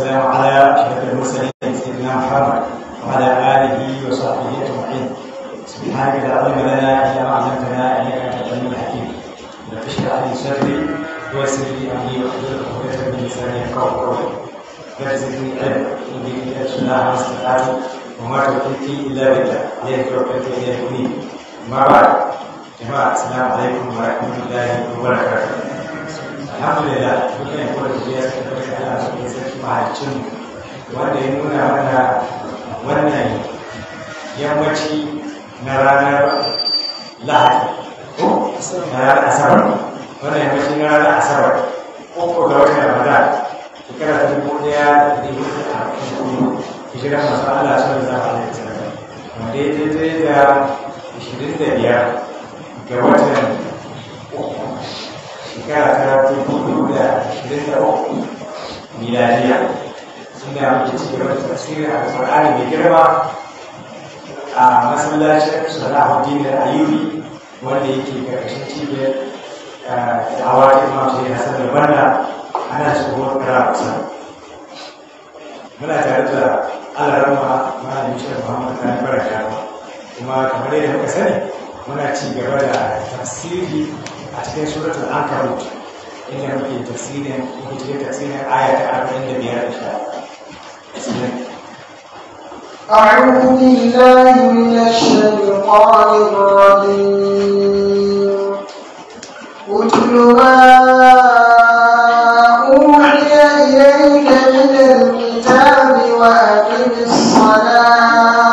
السلام على اشرف المرسلين سيدنا محمد وعلى اله وصحبه اجمعين سبحانك لا علم لنا الا ما علمتنا انك انت العليم الحكيم رب اشرح لي صدري ويسر لي امري واحلل عقده من لساني يفقهوا قولي رب زدني علما اني كنت اتسنى عن استطاعتي وما توفيقي الا بالله عليه توكلت اليه منيب اما بعد جماعه السلام عليكم ورحمه الله وبركاته الحمد لله ممكن يكون الجياس كذلك على سبيل bacin wanda ya nuna mana wannan yammaci na ranar lahadi ko na ranar asabar wannan yammaci na ranar asabar ko ga watan ramadan shekara ta dubu daya da dubu da hudu hijira masu allah sun zama alaihi sallam wanda ya daidai da ashirin da biyar ga watan shekara ta dubu da ashirin da uku miladiya sun da muke ci gaba da tafsiri a Qur'ani mai girma a masallacin Salahuddin da Ayyubi wanda yake karkashin cibiyar da'awa ta Imam Sheikh Hassan da Banna ana tsohuwar karatu muna tare da alarama malamin shi Muhammad Sani Baraka kuma kamar yadda muka sani muna ci gaba da tafsiri a cikin suratul Ankabut inda muke tafsirin muke tafsirin aya ta 45 insha Allah أعوذ بالله من الشيطان الرجيم اتل ما أوحي إليك من الكتاب وأقم الصلاة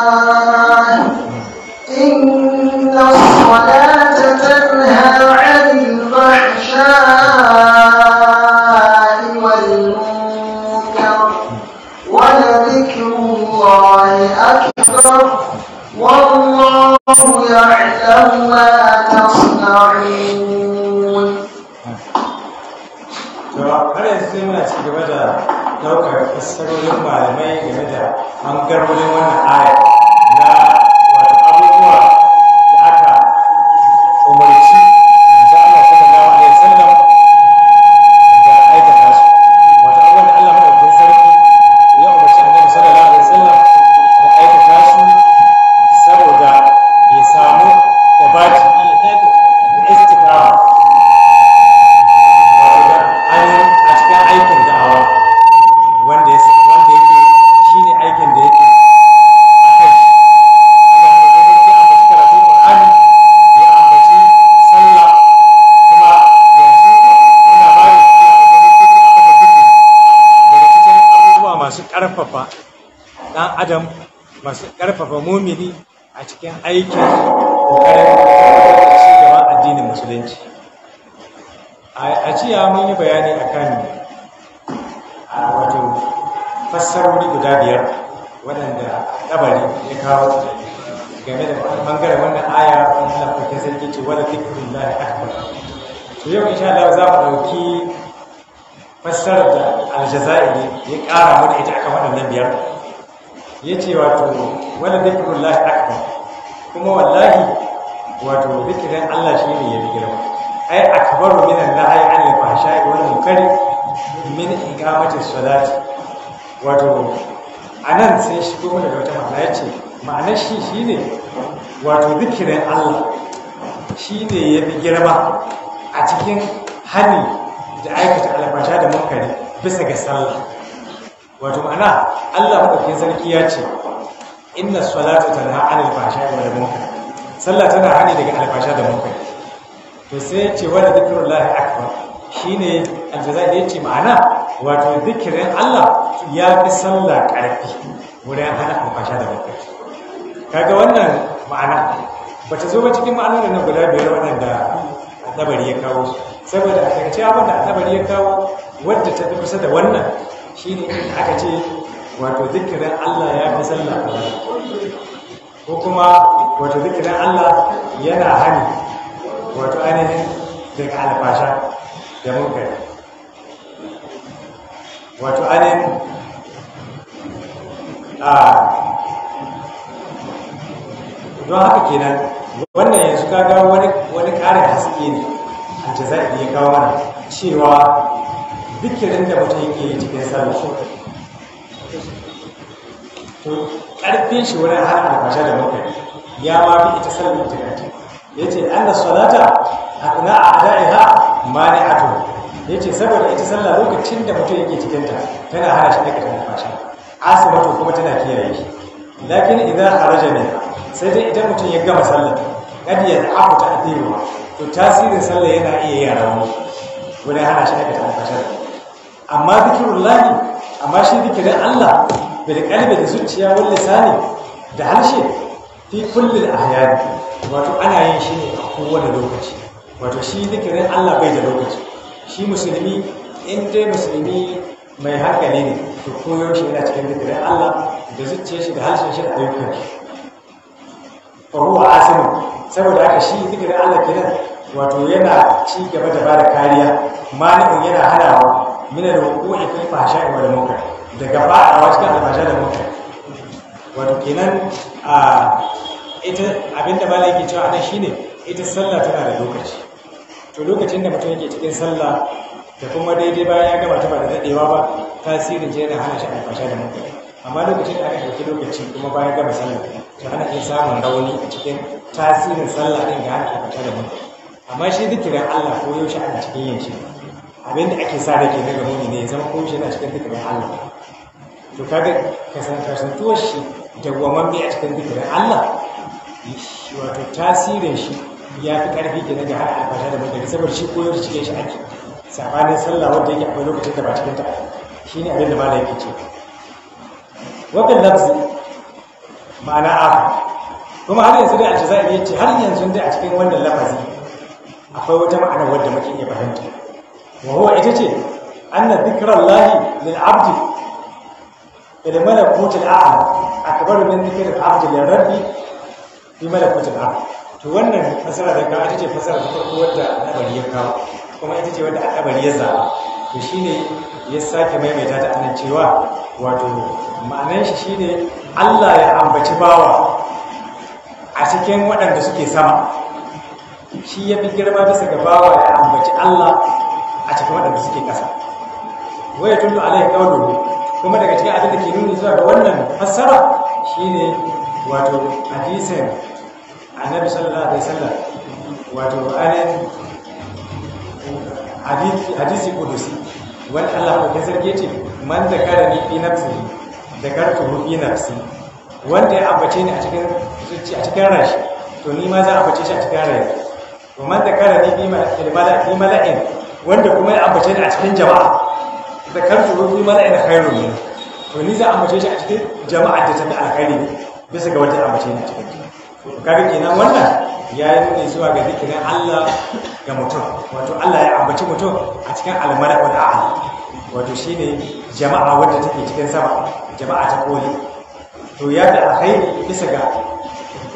fassarar da aljazairi ya ƙara mana ita akan waɗannan biyar ya ce wato wani zikirin lahi akbar kuma wallahi wato zikirin allah shi ne ya fi girma ai akbaru minan nahayi an yi fahasha wani mukari min ikamati salati wato a nan sai shigo mana da wata ma'ana ya ce ma'anar shi shi ne wato zikirin allah shi ne ya fi girma a cikin hani da aikata albasha da munkari bisa ga sallah wato ma'ana Allah madaukakin sarki ya ce inna salata tana anil fasha wal munkar sallah tana hani daga albasha da munkari to sai ce wala zikrullahi akbar shine aljaza da yace ma'ana wato zikirin Allah ya fi sallah karfi wurin hana albasha da munkari kaga wannan ma'ana bata zo ba cikin ma'anonin guda biyar wannan da dabari ya kawo su saboda a takaice abin da atabari ya kawo wadda ta fi kusa da wannan shi ne aka ce wato zikirin Allah ya fi sallah ko kuma wato zikirin Allah yana hannu wato ainihin daga alfasha da yi. wato ainihin a don haka kenan wannan yanzu ka gawo wani ƙarin haske ne za a yi kawo mana cewa dukkanin da mutum yake yi cikin sallah to ƙarfin shi wurin har albasha da mutum ya ma fi ita sallar jirage ya ce an da salata a kuna a ada'iha a ato ya ce saboda ita sallah lokacin da mutum yake ta, tana hana shi daga albasha asibatu kuma tana kiyaye shi lakin idan haraja ne sai dai idan mutum ya gama sallar kad ya a ɗewa to tasirin sallah yana iya yi a rauni wani hana shi aikata alfashar amma zikirun lani amma shi zikirin allah da da kalbi da zuciya wani lissani da harshe fi kullum a hayani wato ana yin shi ne a kowane lokaci wato shi zikirin allah bai da lokaci shi musulmi in dai musulmi mai hankali ne to koyaushe yana cikin zikirin allah da zuciya shi da harshen shi a ayyukan shi fa huwa saboda haka shi da Allah kenan wato yana ci gaba da bada kariya malikin yana halawa min al-wuqu'i fi fahsha'i wal munkar daga a wasu kan fasha da munkar wato kenan a ita abinda malaki cewa anan shine ita sallah tana da lokaci to lokacin da mutum yake cikin sallah da kuma daidai bayan ya gama ta ba da dadewa ba tasirin je yana hana shi a fasha da munkar amma lokacin da aka ɗauki lokaci kuma bayan gama sallah ta hana kai samun rauni a cikin tasirin sallah ɗin da hana fita da mutu amma shi zikirin Allah ko yaushe ana cikin yin shi abinda ake sa da ke daga muni ne ya zama ko shi yana cikin zikirin Allah to kaga kasantuwar shi bi a cikin zikirin Allah wato tasirin shi ya fi ƙarfi ke daga har fata da mutane saboda shi koyar cikin shi ake sabanin sallah wanda yake akwai lokacin da ba cikin ta shi ne abin da ma da yake ce wakan lafzi ma'ana abu kuma har yanzu dai a a ya ce har yanzu dai a cikin wannan lafazi akwai wata ma'ana wadda muke iya fahimta wa huwa ita ce anna dhikrallahi lil abdi ila malakut al a'la akbar min dhikr al abdi lil rabbi bi malakut al a'la to wannan fasara da ka ita ce fasara ta farko wadda na bari ya kawo kuma ita ce wadda aka bari ya zaba to ne ya sake maimaita ta ana cewa wato ma'anar shi ne Allah ya ambaci bawa a cikin waɗanda suke sama shi ya fi girma bisa ga bawa ya ambaci Allah a cikin waɗanda suke ƙasa waya tullu alaihi qawluhu kuma daga cikin abin da ke nuni zuwa ga wannan fassara ne wato hadisin annabi sallallahu alaihi wasallam wato anin hadisi kudusi wani Allah ko sarki ce man da ni fi nafsi zakartu fi nafsi wanda ya ambace ni a cikin zuci a cikin rashi to ni ma za a ambace shi a cikin rashi to man zakarani fi mala'in fi mala'in wanda kuma ya ambace ni a cikin jama'a zakartu fi mala'in khairun min to ni za a ambace shi a cikin jama'a da ta alkhairi bisa ga wanda ya ambace ni a cikin kaga kenan wannan ya yi nuni zuwa ga zikirin Allah ga mutum wato Allah ya ambaci mutum a cikin wata a da'ala wato shi ne jama'a wadda take cikin sama jama'a ta koli to ya da kai bisa ga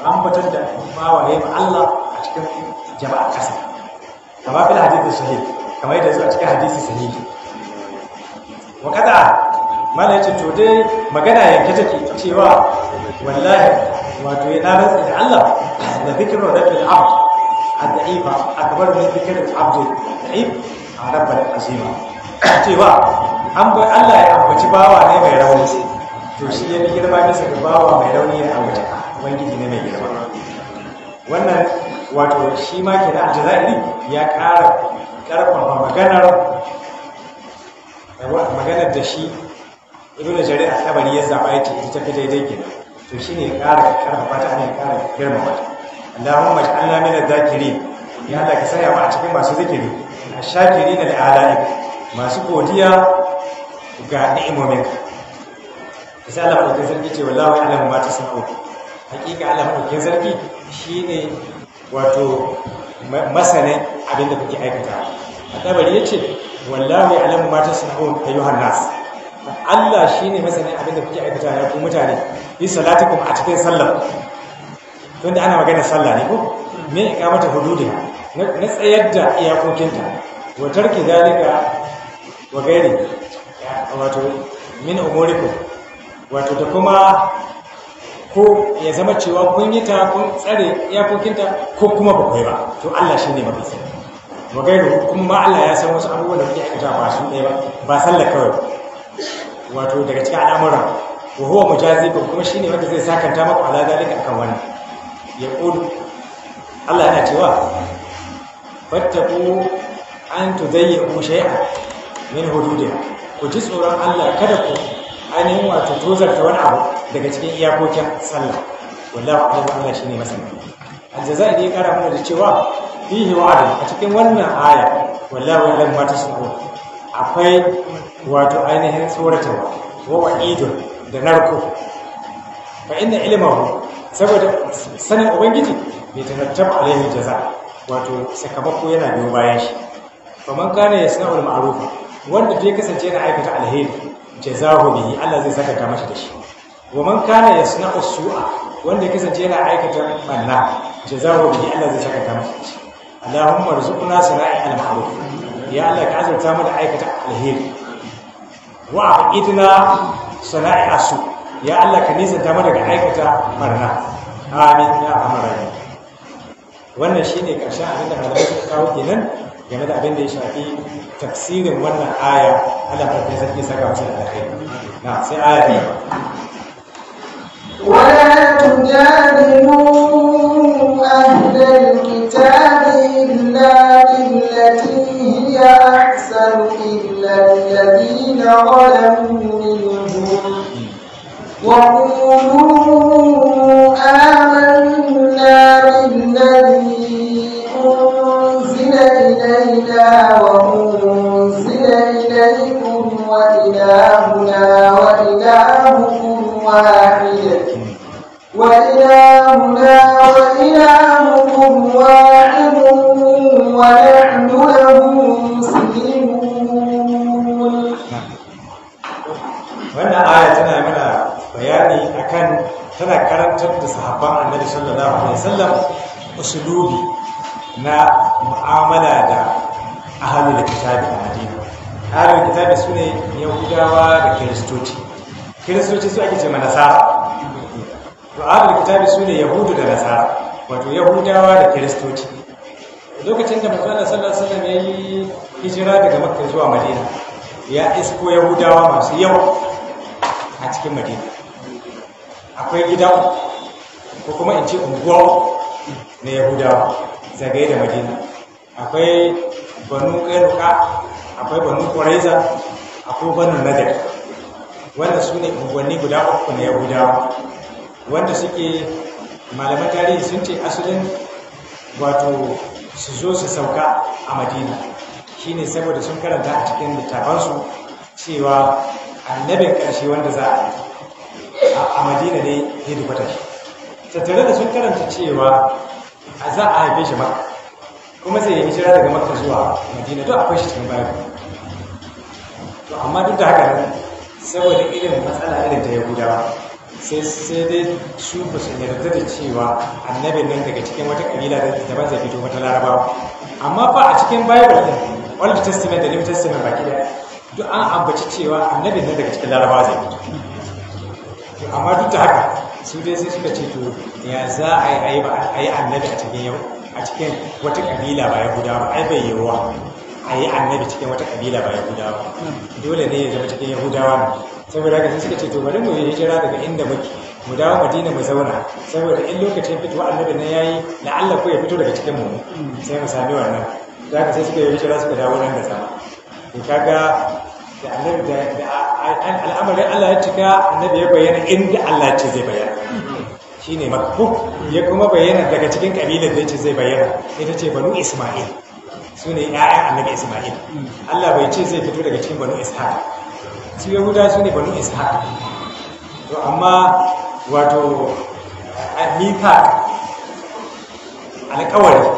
ambatar da bawaye ma Allah a cikin jama'a kasa kama fil hadisi shahid kamar yadda zuwa cikin hadisi sahih wa kada mala yace to dai magana yanke take cewa wallahi wato ya dara da Allah da zikirin rabbil abd ad-da'ifa akbar min zikirin abd da'if a rabbil azima cewa an bai Allah ya ambaci bawa ne mai rauni to shi ya girma bisa ga bawa mai rauni ya ambaci ubangiji ne mai girma wannan wato shi ma ke da aljazairi ya kara ƙarfafa maganar eh, maganar da shi ibnu jari a tabari ya zaba ya ce ita ta fi daidai to shi ya ƙara karfafa ta ne ƙara girmama ta Allahumma ij'alna min adh-dhakirin ya Allah ka sanya mu a cikin masu zikiri ashakirin da alaik masu godiya ga ni'imomin ka sai Allah ko sarki ce wallahi alamu ma sako hakika Allah ko sarki shine wato masane abinda kuke aikata a tabari yace wallahi alamu ma sako ayyuhan nas Allah shi ne masani abinda kuke aikata ya ku mutane yi salatukum a cikin sallar tunda ana magana sallah ne ko me ikamata hududi na tsayar da iyakokinta wa tarki zalika wa gairi wato min umurikum wato da kuma ko ya zama cewa kun yi ta kun tsare iyakokinta ko kuma ba ba to Allah shi ne mafi wa gairi kuma Allah ya san wasu abubuwan da kuke aikata ba su ɗaya ba ba sallar kawai wato daga cikin al'amuran wa huwa ba kuma shine wanda zai sakanta maka ala zalika akan wannan ya qul Allah yana cewa fattaqu an tudayyu shay'an min hududiha ku ji tsoron Allah kada ku ainihin wato tozarta wani abu daga cikin iyakokin sallah wallahi alim Allah shine masani aljaza'i ne ya kara mana da cewa fihi wa'adun a cikin wannan aya wallahu alim ma tasnaun akwai wato ainihin tsoratarwa wa wa'idun da narko fa inna ilmahu saboda sanin ubangiji bai tarattaba alaihi jaza wato sakamako yana biyo bayan shi fa man kana yasna'ul ma'arufa wanda bai kasance yana aikata alheri jazahu bihi Allah zai saka ta mashi da shi wa man kana yasna'u su'a wanda kasance yana aikata manna jazahu bihi Allah zai saka ta mashi da shi Allahumma rzuqna sana'a al-ma'ruf ya Allah ka azurta mu da aikata alheri wa aqitina sana'a su ya Allah ka ta mu daga aikata barna amin ya amara wannan shine karshen abin da malamai suka kawo kenan game da abin da ya shafi tafsirin wannan aya Allah ta kai sarki saka musu da kai na sai aya ne ولا تجادلوا أهل الكتاب إلا أحسن إلا الذين ظلموا منهم وقولوا آمنا بالذي أنزل إلينا وأنزل إليكم وإلهنا وإلهكم واحد وإلهنا وإلهكم واحد ولا tana karantar da sahabban annabi sallallahu alaihi wasallam usulubi na mu'amala da ahlul kitabi a Madina ahlul kitabi sune yahudawa da kiristoci kiristoci su ake cewa nasara to ahlul kitabi sune yahudu da nasara wato yahudawa da kiristoci lokacin da manzon sallallahu alaihi wasallam yayi hijira daga makka zuwa madina ya isko yahudawa masu yawa a cikin madina akwai gida ko kuma in ce unguwa na yahudawa zagaye da madina akwai banu kairuka akwai banu kwareza akwai banu nadar wanda su ne unguwanni guda uku na yahudawa wanda suke malaman tarihi sun ce asalin wato su zo su sauka a madina shine saboda sun karanta a cikin littafansu cewa annabin ƙarshe wanda za a a madina ne ya dubata shi tattare da sun karanta cewa a za a haife shi maka kuma sai ya hijira daga maka zuwa madina to akwai shi cikin bayan to amma duk da haka saboda irin matsala irin ta yahudawa sai sai dai su ba su yarda da cewa annabin nan daga cikin wata kabila da daban zai fito wata larabawa amma fa a cikin bible din old testament da new testament baki da duk an ambaci cewa annabin nan daga cikin larabawa zai fito amma duk da haka su dai sai suka ce to ya za a yi a yi annabi a cikin yau a cikin wata kabila ba guda ba ai bai yiwuwa a yi annabi cikin wata kabila ba guda ba dole ne ya zama cikin yahudawa ne saboda haka sai suka ce to bari mu yi hijira daga inda muke mu dawo madina mu zauna saboda in lokacin fitowa annabi na yayi la'alla ko ya fito daga cikin mu sai mu sami wannan da haka sai suka yi hijira suka dawo nan da sama to kaga da annabi da Allah ya cika annabi ya bayyana inda Allah ce zai bayyana shine makku ya kuma bayyana daga cikin kabilar da yace zai bayyana ita ce banu isma'il sune ƴaƴan annabi isma'il Allah bai ce zai fito daga cikin banu ishaq su yahuda sune banu ishaq to amma wato mika alƙawari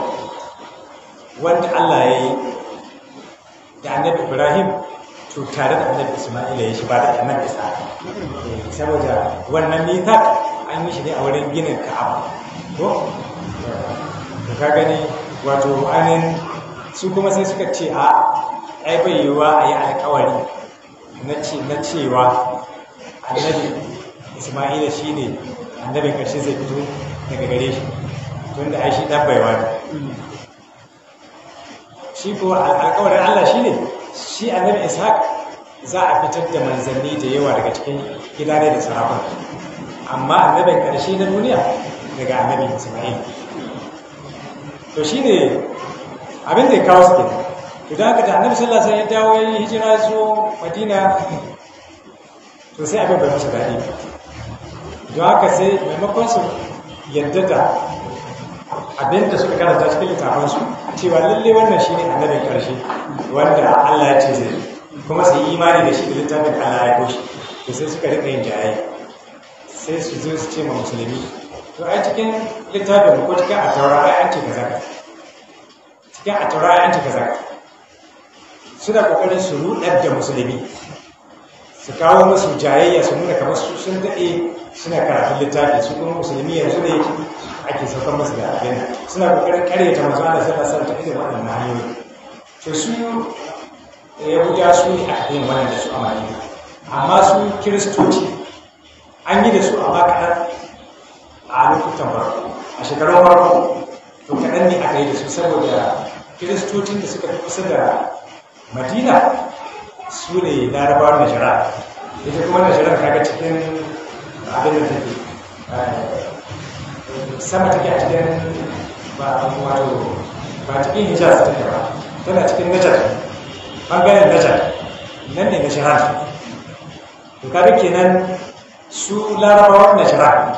wanda Allah ya yi da annabi Ibrahim to da annabi isma'ila ya shi ba da annabi isa eh, saboda wannan mithaq an yi shi ne a wurin ginin ka'aba ko da ka gani wato anin su kuma sai suka ce a ai bai yiwuwa a yi alkawari na cewa annabi isma'ila shi ne annabin karshe zai fito daga gare shi tun da ai shi ɗan baiwa shi ko alkawarin allah shi ne shi annabi ishaq za a fitar da manzanni da yawa daga cikin gida da sahabban amma annabin ƙarshe na duniya daga annabin isma'il to shi ne abin da ya kawo suke to aka haka da annabi sallallahu alaihi ya dawo ya hijira zuwa madina to sai abin bai musu daɗi don haka sai maimakon su yadda da abin da suka ta cikin littafansu ba lalle wannan shi ne a nabin ƙarshe, wanda Allah ya ce zai kuma sai yi imani da shi da littafin Allah ya koshi da sai suka rika yin jayayi sai su zo su ce ma musulmi to ai cikin littafin ko cikin taura ai an ce ka zaka cikin taura ai an ce kaza ka suna kokarin su rudar da musulmi su kawo musu jayayya su nuna kamar su sun daɗe suna karatun littafi su kuma musulmi yanzu ne ake saukar masu da abin suna kokarin karyata manzo Allah sallallahu alaihi wasallam ta irin na hanyoyi to su yahuda su ne aka yi wannan da su a madina amma su kiristoci an yi da su a baka a lokutan farko a shekarun farko to kaɗan ne aka yi da su saboda kiristocin da suka fi kusa da madina su ne larabar najara ita kuma najara kaga cikin abin da take eh, sama take a cikin ba a wato ba cikin hijaz take ba tana cikin najar ɓangaren najar nan ne nashiran shirar. kaga kenan su larabawan shirar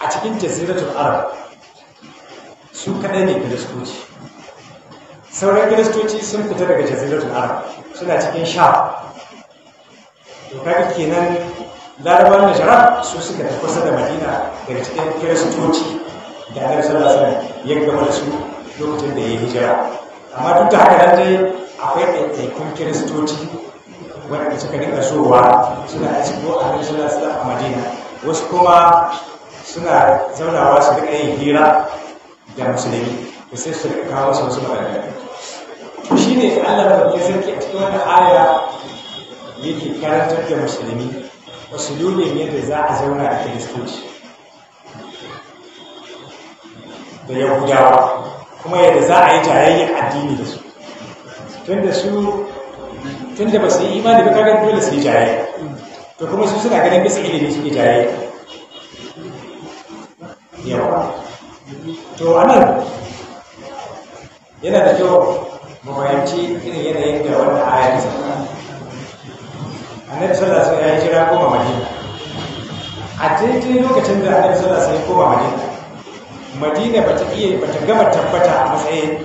a cikin jaziratul arab su kadai ne kiristoci sauran kiristoci sun fita daga jaziratul arab suna cikin sha to kaga kenan larabawan shirar su suka tafasa kusa da madina daga cikin kiristoci da annabi sallallahu alaihi wasallam su lokacin da ya yi hijira amma duk da haka nan dai akwai ɗaiɗaikun kiristoci waɗanda suka dinga sowa suna a cikin annabi sallallahu alaihi a madina wasu kuma suna zaunawa su riƙa yin hira da musulmi da sai su riƙa kawo wasu magana to shi ne allah mafi sarki a cikin wannan aya yake karantar da musulmi wasu ne yadda za a zauna da kiristoci da yahudawa kuma yadda za a yi jayayyen addini da su da su tunda ba su yi imani ba kaga dole su yi jayayya to kuma su suna ganin bisa ilimi yi jayayya yawa to anan yana da kyau mu irin yanayin da wannan aya ta saka annabi sallallahu alaihi wasallam ya jira koma madina a daidai lokacin da annabi sallallahu alaihi wasallam ya koma madina madina ba ta iya ba ta gama tabbata a matsayin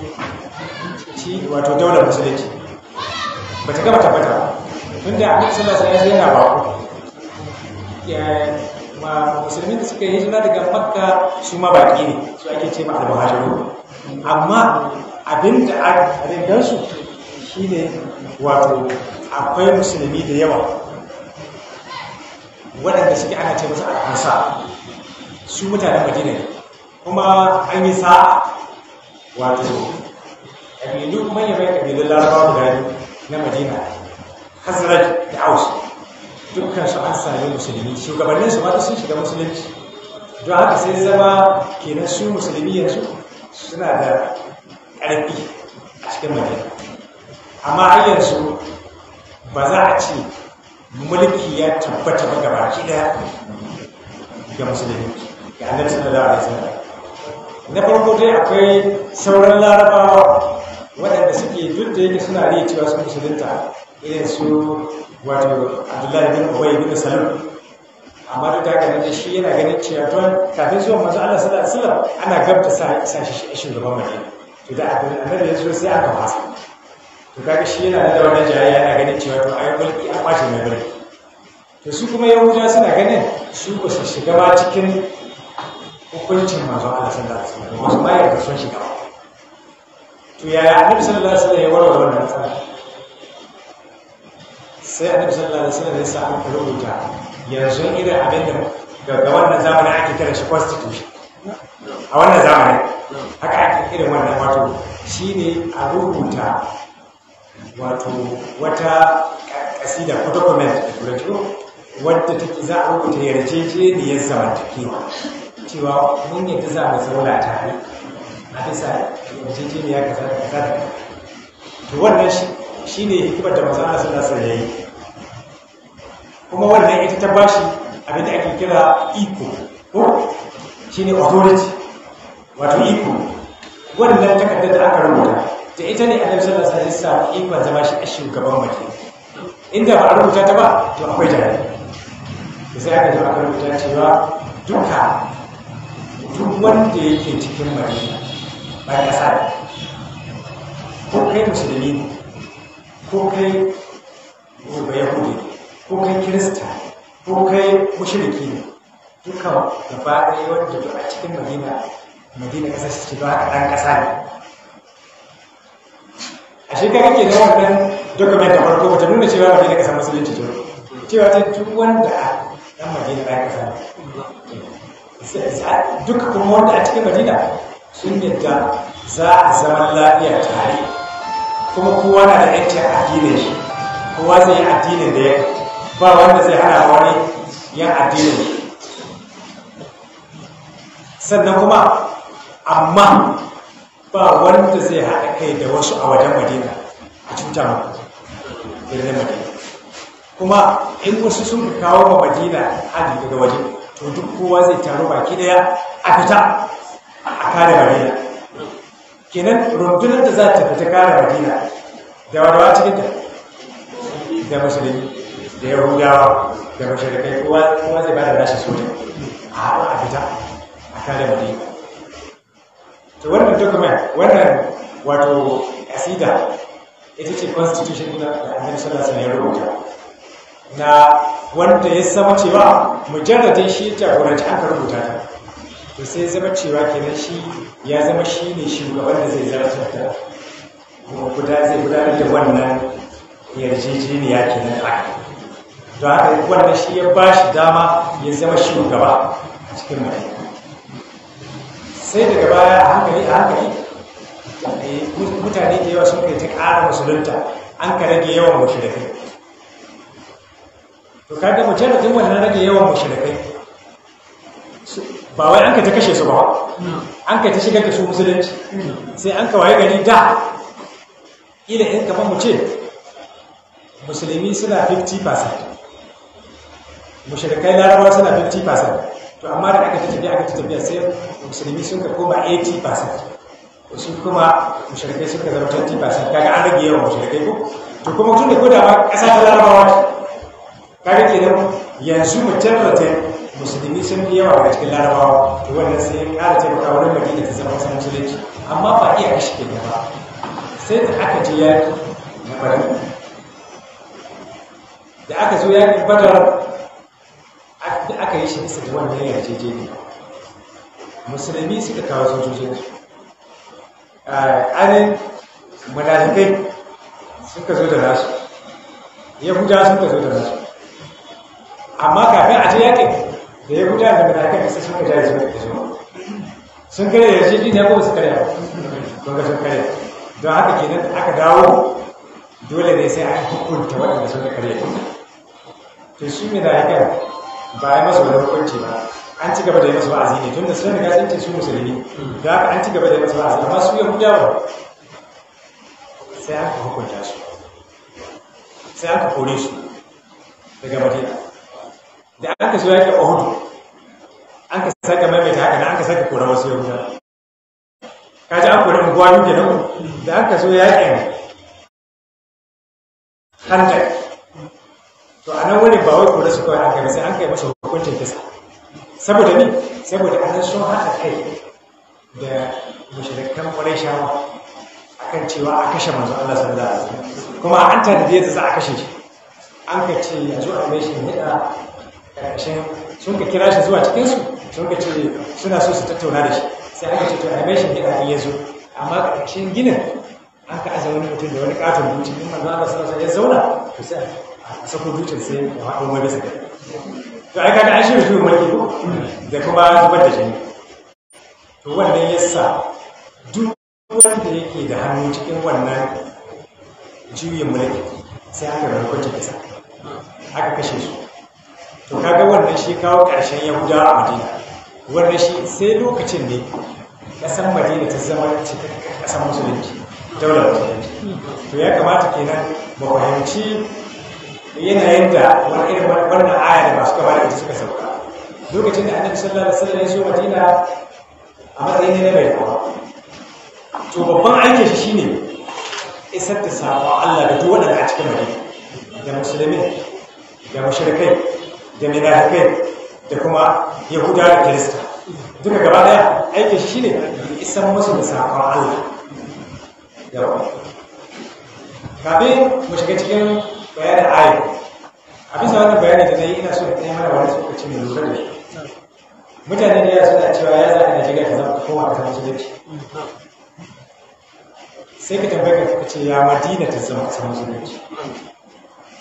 shi wato daular musulunci ba ta gama tabbata tun da abin suna sai yana ba ma musulmi da suka yi hijira daga makka su ma baki ne su ake ce ma almuhajiru amma abin da abin dan su shine wato akwai musulmi da yawa waɗanda suke ana ce musu al-ansar su mutanen madina ne kuma an yi sa'a wato ƙabilu manyan ƙabilun larabawa guda na madina hazrat da aus dukkan su an sami musulmi shugabannin su mata sun shiga musulunci don haka sai zama kenan su musulmi yanzu suna da ƙarfi a cikin madina amma har yanzu ba za a ce mulki ya tabbata ba gaba ki ga musulmi ga annabi sallallahu alaihi wasallam na farko dai akwai sauran larabawa waɗanda suke duk da yake suna riya cewa su musulunta irin su wato abdullahi bin ubay bin salam amma duk da ganin shi yana ganin cewa don kafin zuwa masu Allah sallallahu alaihi wasallam ana gabta sa shi shugaban Madina to da abin annabi ya zo sai aka fasa to kaga shi yana da wani jayayya yana ganin cewa to ai mulki a kwashe mai mulki to su kuma yahudawa suna ganin su ba su shiga ba cikin hukuncin manzon Allah sallallahu alaihi wasallam wasu baya da sun shiga to yaya annabi sallallahu alaihi wasallam ya warware wannan matsala sai annabi sallallahu alaihi wasallam ya sa aka rubuta yanzu irin abin da ga wannan zamani ake kira shi constitution a wannan zamani haka ake kira wannan wato shine a rubuta wato wata kasida ko document da wadda take za a rubuta yarjejeniyar zamantakewa cewa mun yadda za mu zauna tare a bisa yarjejeniya kaza da kaza da to wannan shi ne hikimar da masana suna nasa kuma wannan ita ta bashi abin ake kira iko ko shi ne authority wato iko wannan takardar da aka rubuta da ita ne annabi sallallahu alaihi wasallam ikon zama shi a shugaban mace inda ba a rubuta ta ba to akwai jari da sai aka zo aka rubuta cewa duka duk wanda yake cikin madina ba ƙasa ba ko kai musulmi ne ko kai gobe yahudi ko kai kirista ko kai mushriki ne duka gaba ɗaya wanda a cikin madina madina ƙasa su ba ɗan ƙasa ne a shekara kake da wannan dokumen farko wata nuna cewa madina ƙasar musulunci ce cewa ta duk wanda ɗan ƙasa ne duk kuma wanda a cikin madina sun yadda za a zama lafiya tare kuma kowa na da yanci a addinin shi kowa zai yi addinin da ya ba wanda zai hana wani yan addinin shi sannan kuma amma ba wanda zai haɗa kai da wasu a wajen madina a cuta ma birnin madina kuma in wasu sun kawo ma madina hadi daga wajen to duk kowa zai taru baki daya a fita a kare madina kenan rundunar da za ta fita kare madina da wadawa cikin da da musulmi da yahudawa da mashirikai kowa zai bada da rashin soja a fita a kare madina to wannan document wannan wato asida ita ce constitution da annabi sallallahu alaihi wasallam ya rubuta na wanda ya zama cewa mujarradin shi jagoranci aka rubuta ta to sai zama cewa kenan shi ya zama shi ne shugaban da zai zartar ta kuma guda zai gudanar da wannan yarjejeniya kenan a don haka wannan shi ya ba shi dama ya zama shugaba a cikin mai sai daga baya a hankali a hankali eh, mutane da yawa sun kai ta ƙara musulunta an ka rage yawan mushrikai to kaga tun wannan rage yawan mushrikai ba wai an ka ta kashe su ba an ka ta shiga ka su musulunci sai an ka waye gari da ila in kafa mu ce musulmi suna 50% mushrikai larabawa suna 50% to amma da aka ta tafiya aka ta tafiya sai musulmi sun ka koma 80% wasu kuma mushrikai suka zama 20% kaga an rage yawan mushrikai ko to kuma tun da ko da ba ƙasa ta larabawa kare ke nan yanzu mutum mutum musulmi sun fi yawa a cikin larabawa to wannan sai ya kara wani wurin madina ta zama wasu musulunci amma ba iya kashi ke gaba sai da aka ji yaki na bari da aka zo yi badar da aka yi shi bisa da wannan ne musulmi suka kawo a anin munafikai suka zo da nasu yahudawa suka zo da nasu amma kafin a ce yaƙi da ya guda da mutane a sun ka jari sun ka sun kare ya ce jini ya ko su kare don ga sun kare don haka kenan aka dawo dole ne sai a hukunta waɗanda sun kare to shi mai da yaƙi ba a yi masa wani hukunci ba an ci gaba da yi masa wa'azi ne tun da sun riga sun ce su musulmi da an ci gaba da yi masa wa'azi amma su yahudawa sai aka hukunta su sai aka kore su daga madina da an ka so yake ohudu an ka saka maimaita haka na an ka saka kora wasu yau ka ji an kora gwayo da nan da an ka so yaƙin hanta to a nan wani ba wai su kawai hankali sai an kai masa hukuncin kisa saboda ni, saboda an sun haɗa kai da mashirikan kwarai shawa akan cewa a kashe manzo Allah sallallahu alaihi wasallam kuma an tanade yadda za a kashe shi an ka ce yanzu a mai shi ne ƙarshen sun ka kira shi zuwa cikinsu sun ka ce suna so su tattauna da shi sai aka ce to a mai shi ne a iya zo amma ƙarshen ginin an ka aza wani mutum da wani ƙaton dutse in manzo Allah sallallahu alaihi ya zauna to sai a sako ducin sai ya haɗu wani sai to ai kaga an shirya zuwa mulki ko da kuma zubar da jini to wannan yasa duk wanda yake da hannu cikin wannan juyin mulki sai aka rarrafa kisa aka kashe su to kaga wannan shi kawo ƙarshen yahudawa a madina wannan shi sai lokacin ne ƙasar madina ta zama cikin ƙasar musulunci daular musulunci to ya kamata kenan ba fahimci yanayin da wani irin wannan aya da masu gaba da suka sauka lokacin da annabi sallallahu alaihi wasallam ya zo madina a matsayin ne mai kowa to babban aikin shi shine isar da sabon Allah da duk wanda a cikin madina da musulmi da mashirkai da munafikai da kuma yahuda da kirista duka gaba daya aikin shi ne isan musu da sakon allah yawa kafin mu shiga cikin bayanin ayi a bisa wannan bayanin da zai ina so da kuma mana wani tsokaci mai lura da shi mutane da ya suna cewa ya za a najeriya ta zama kowa ta musulunci sai ka tambaye ka ce ya madina ta zama musulunci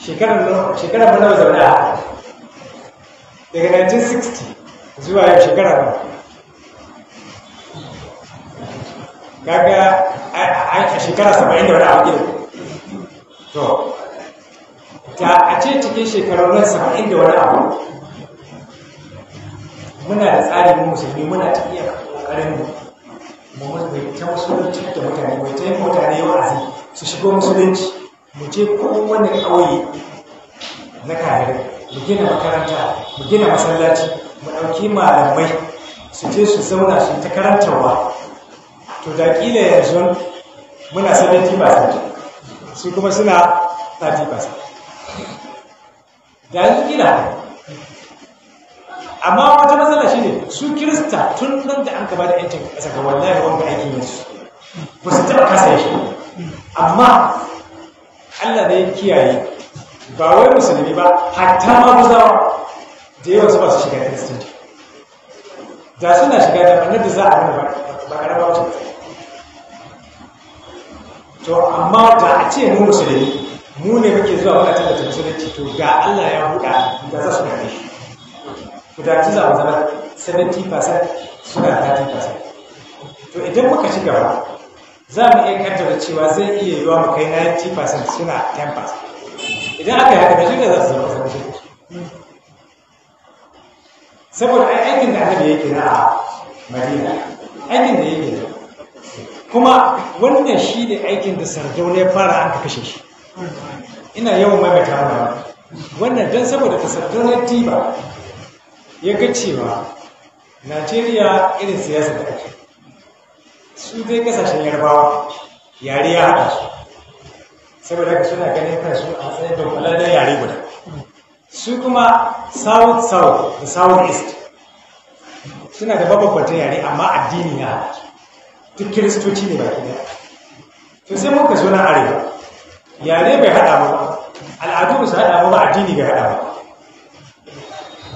shekarar shekarar mana zaune a daga 1960 zuwa yau shekarar ba kaga a shekarar 70 da wani abu to ta a ce cikin shekarar nan 70 da wani abu muna da tsarin musulmi muna ta iya ƙoƙarin mu mu ta musulunci da mutane mai ta yi mutane yau wa'azi su shigo musulunci mu je kowane ƙauye na kare mu gina makaranta mu gina masallaci mu ɗauki malamai su je su zauna su ta karantarwa to da ƙila yanzu muna 70% su kuma suna 30% da yanzu gina amma wata matsala shi ne su kirista tun nan da an gaba da yancin ƙasa ga wallahi wanda aikin yansu ba su taɓa kasa shi amma Allah ne ya kiyaye ba wai musulmi ba hatta ma maguzawa da yawan su ba su shiga kiristanci da suna shiga da da za a yi ba karama wacce to amma da a ce mu musulmi mu ne muke zuwa muna tallata musulunci to ga Allah ya buɗa da za su gane shi gudaci za mu zama 70% suna 30% to idan muka ci gaba za mu iya da cewa zai iya yiwa mu kai 90% suna 10% idan aka yi haka shi ne za su zama sarki saboda aikin da da yake na madina aikin da yake na kuma wannan shi ne aikin da sardau ne fara an ka kashe shi ina yawan mai wannan wannan don saboda ta sardauna tiba ya ga cewa najeriya irin siyasa da ake su dai kasashen yarbawa yare ya haɗa su saboda ka suna ganin kansu a tsaye kula da yare guda su kuma south south da south east suna da babbabbatan yare amma addini ya haɗa duk kiristoci ne baki ɗaya to sai muka zo na arewa yare bai haɗa ba al'adu su haɗa ba addini bai haɗa ba.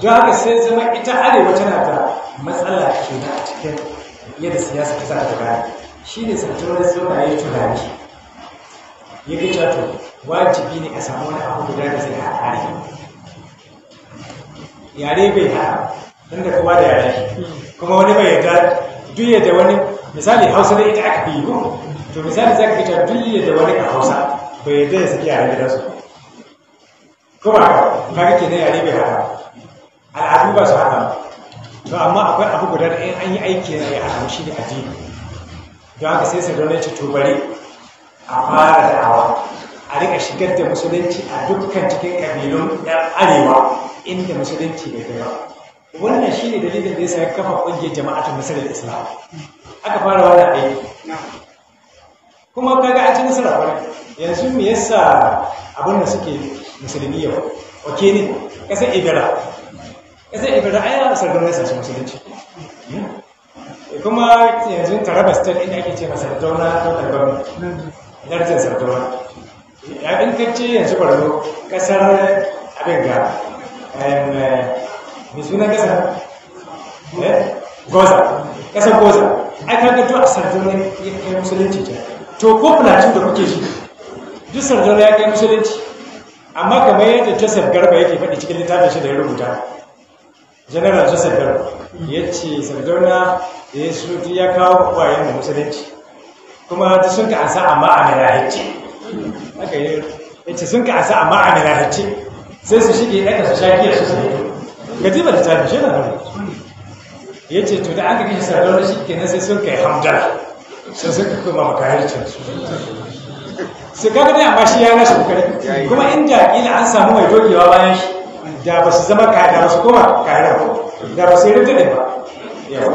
don haka sai zama ita arewa tana da matsala ke da cikin yadda siyasa ta sa ta baya shi ne sabta wani zauna ya yi tunani ya fi cato wajibi ne a samu wani abu guda da zai haɗa ne yare bai ha don da kowa da yare kuma wani bai yarda duk yadda wani misali hausa da ita aka fi yi ko to misali za ka cato duk yadda wani a hausa bai yarda ya saki yare gidansu kuma ka kake kenan yare bai haɗa al'adu ba su haɗa to amma akwai abu guda da an yi aiki na ya haramu shi ne addini don haka sai sai donaci tubari bari a fara da'awa a rika shigar da musulunci a dukkan cikin kabilun yan arewa inda musulunci bai gaba wannan shi ne dalilin da ya sa kafa ƙungiyar ta nasarar islam aka fara wannan aiki kuma kaga a cikin nasara kwarai yanzu me yasa abin da suke musulmi yau wake ne ƙasar ibira zai ibi a sardauna ya sashen musulunci kuma yanzu taraba state inda ake ce masa sardauna ta tarbamu darjin sardauna ya dinkacce yanzu barno ƙasar abin ga mai eh, suna kasar eh, goza ƙasar goza ai kaga to a sardauna ya kai musulunci ce to ko platin da kuke shi duk sardauna ya kai musulunci amma kamar yadda joseph garba yake faɗi cikin littafin shi da ya rubuta general joseph garba ya ce sardauna da ya soji ya kawo kwayen da musulunci kuma ta sun ka asa amma a mirahice aka yi ya ce sun ka asa amma a mirahice sai su shige ɗaka su sha giyar su sai ba da tafi shi na hannu ya ce to da aka kashe sardauna shi ke nan sai sun kai hamdala sai sun ka koma makaricin su su kaga dai amma shi ya rashin kuma inda jaƙila an samu mai dogewa bayan shi da ba su zama kada da ba su koma kaya da ba su yi rinjinin ba yawa